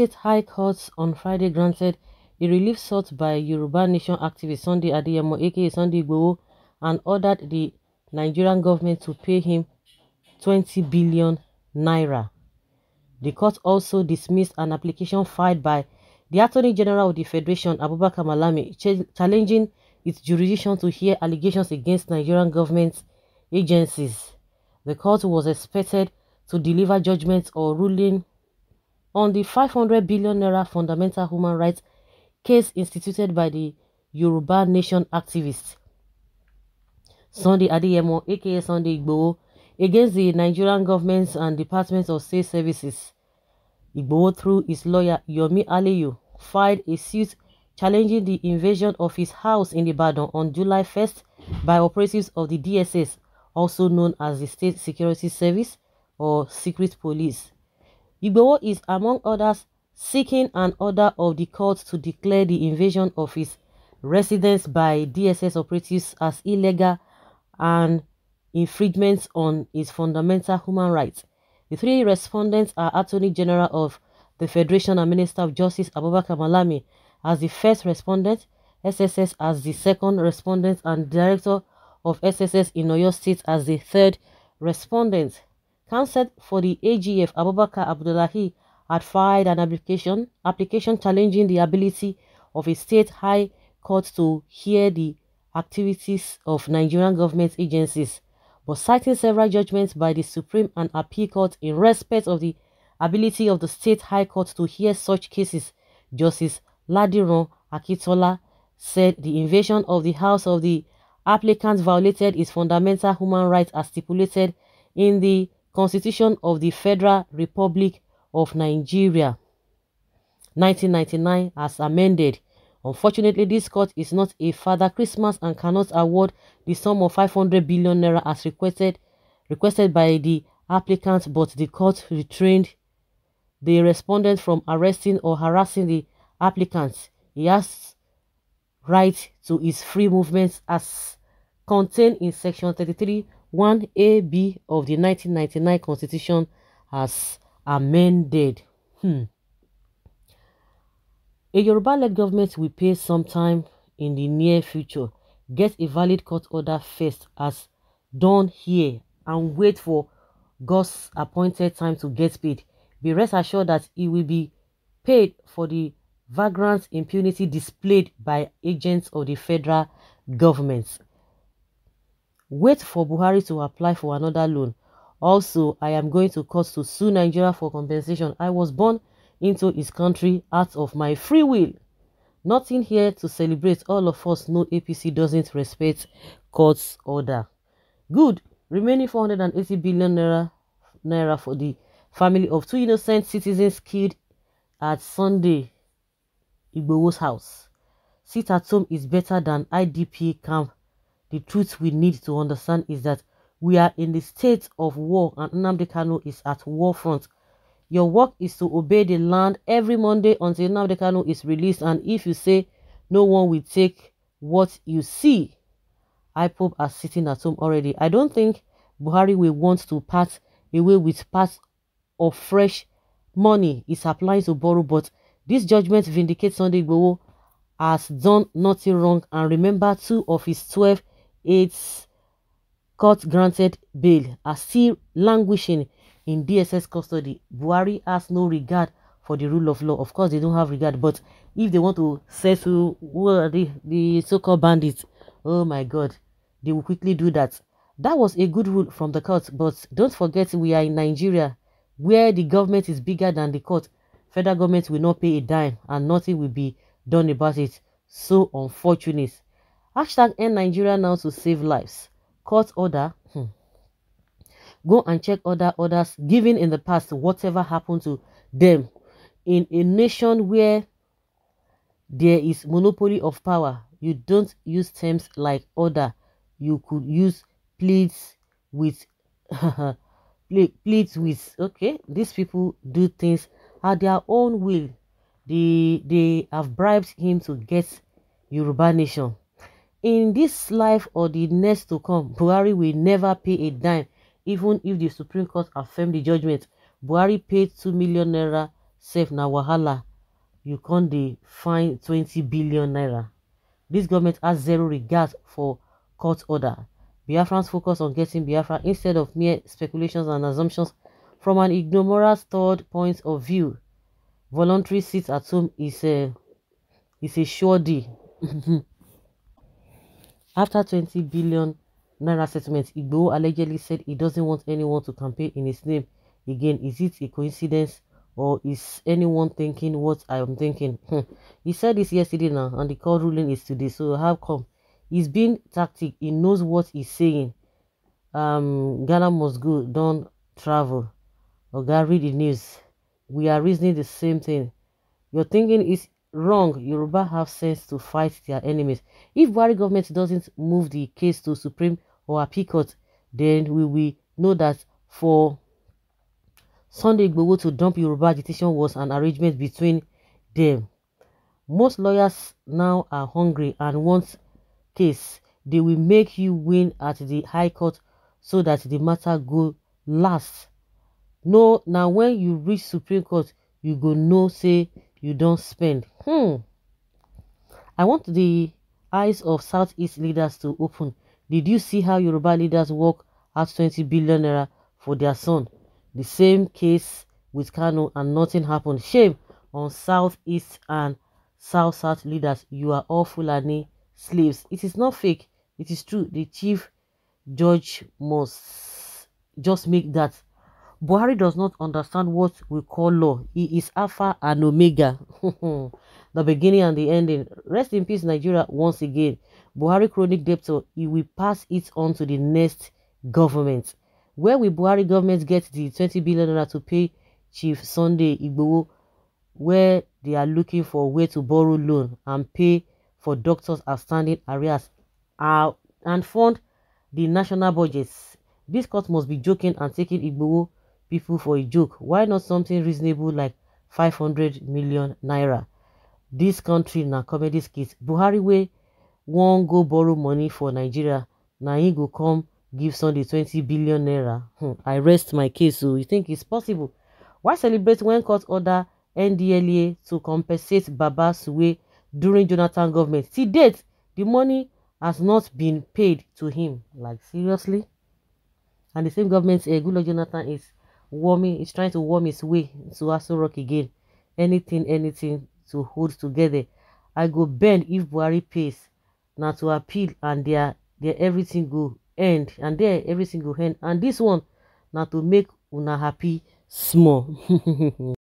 State High Court on Friday granted a relief sought by Yoruba Nation activist Sunday Adeyemo aka Sunday Igboho and ordered the Nigerian government to pay him 20 billion naira. The court also dismissed an application filed by the Attorney General of the Federation, Abubakar Malami, ch challenging its jurisdiction to hear allegations against Nigerian government agencies. The court was expected to deliver judgments or ruling on the 500 billion naira fundamental human rights case instituted by the Yoruba Nation activists. Sunday Adeyemo, aka Sunday Igboho, against the Nigerian government and Department of State Services. Igboho, through his lawyer Yomi Aliyu, filed a suit challenging the invasion of his house in Ibadan on July 1st by operatives of the DSS, also known as the State Security Service or Secret Police. Igboho is, among others, seeking an order of the court to declare the invasion of his residence by DSS operatives as illegal and infringements on his fundamental human rights. The three respondents are Attorney General of the Federation and Minister of Justice Abubakar Malami as the first respondent, SSS as the second respondent and Director of SSS in Oyo State as the third respondent. Counsel for the AGF, Abubakar Abdullahi, had filed an application, application challenging the ability of a state high court to hear the activities of Nigerian government agencies, but citing several judgments by the Supreme and Appeal Court in respect of the ability of the state high court to hear such cases, Justice Ladiron Akitola said the invasion of the house of the applicant violated his fundamental human rights as stipulated in the Constitution of the Federal Republic of Nigeria 1999 as amended. Unfortunately, this court is not a Father Christmas and cannot award the sum of 500 billion naira as requested requested by the applicant, but the court restrained the respondent from arresting or harassing the applicant. He has right to his free movements as contained in section 33 1AB of the 1999 Constitution as amended. Hmm. A Yoruba-led government will pay sometime in the near future. Get a valid court order first as done here and wait for God's appointed time to get paid. Be rest assured that it will be paid for the vagrant impunity displayed by agents of the federal government. Wait for Buhari to apply for another loan. Also, I am going to court to sue Nigeria for compensation. I was born into his country out of my free will. Nothing here to celebrate. All of us know APC doesn't respect court's order. Good. Remaining 480 billion naira, naira for the family of two innocent citizens killed at Sunday Igbo's house. Sit at home is better than IDP camp the truth we need to understand is that we are in the state of war and Nnamdi is at war front. Your work is to obey the land every Monday until Nnamdi is released and if you say no one will take what you see, IPOB are sitting at home already. I don't think Buhari will want to part away with part of fresh money is applying to borrow, but this judgment vindicates Sunday Igboho has done nothing wrong. And remember, two of his 12 its court granted bail are still languishing in DSS custody. Buhari has no regard for the rule of law. Of course, they don't have regard, but if they want to settle are the, the so-called bandits, oh my God, they will quickly do that. That was a good rule from the court, but don't forget we are in Nigeria, where the government is bigger than the court. Federal government will not pay a dime, and nothing will be done about it. So unfortunate. Hashtag end Nigeria now to save lives. Court order. Hmm. Go and check other orders given in the past, whatever happened to them in a nation where there is monopoly of power. You don't use terms like order. You could use pleads with pleads with okay these people do things at their own will they they have bribed him to get yoruba nation in this life or the next to come, Buhari will never pay a dime, even if the Supreme Court affirmed the judgment. Buhari paid 2 million naira, save now, wahala. You can't fine 20 billion naira. This government has zero regard for court order. Biafrans focus on getting Biafra instead of mere speculations and assumptions from an ignomorous third point of view. Voluntary seats at home is a, is a sure deal. After 20 billion naira settlement, Igbo allegedly said he doesn't want anyone to campaign in his name again. Is it a coincidence or is anyone thinking what I am thinking? Hmm. he said this yesterday now, and the court ruling is today. So how come? He's being tactic. He knows what he's saying. Um, Ghana must go. Don't travel. go read the news. We are reasoning the same thing. Your thinking is Wrong. Yoruba have sense to fight their enemies. If Buhari government doesn't move the case to Supreme or Appeal Court, then we will know that for Sunday Igboho to dump Yoruba agitation was an arrangement between them. Most lawyers now are hungry and want case. They will make you win at the High Court so that the matter go last. No, now when you reach Supreme Court, you go no say you don't spend. Hmm. I want the eyes of Southeast leaders to open. Did you see how Yoruba leaders work out 20 billion naira for their son? The same case with Kano and nothing happened. Shame on Southeast and South South leaders. You are all Fulani slaves. It is not fake. It is true. The chief judge must just make that Buhari does not understand what we call law. He is Alpha and Omega, the beginning and the ending. Rest in peace, Nigeria, once again. Buhari chronic debtor, he will pass it on to the next government. Where will Buhari government get the 20 billion naira to pay Chief Sunday Igbowo, where they are looking for where to borrow loan and pay for doctors outstanding arrears uh, and fund the national budgets? This court must be joking and taking Igbowo people for a joke. Why not something reasonable like 500 million naira? This country na comedy skits. Buhari way wan go borrow money for Nigeria now he go come give Sunday 20 billion naira. Hmm, I rest my case so oh. you think it's possible? Why celebrate when court order NDLA to compensate Baba Suwe during Jonathan government? See date, the money has not been paid to him. Like seriously? And the same government, Egulo eh, Jonathan is warming is trying to warm his way to Aso Rock again. Anything, anything to hold together. I go bend if Buhari pays. Now to appeal and their their everything go end and there everything go end. And this one now to make una happy small.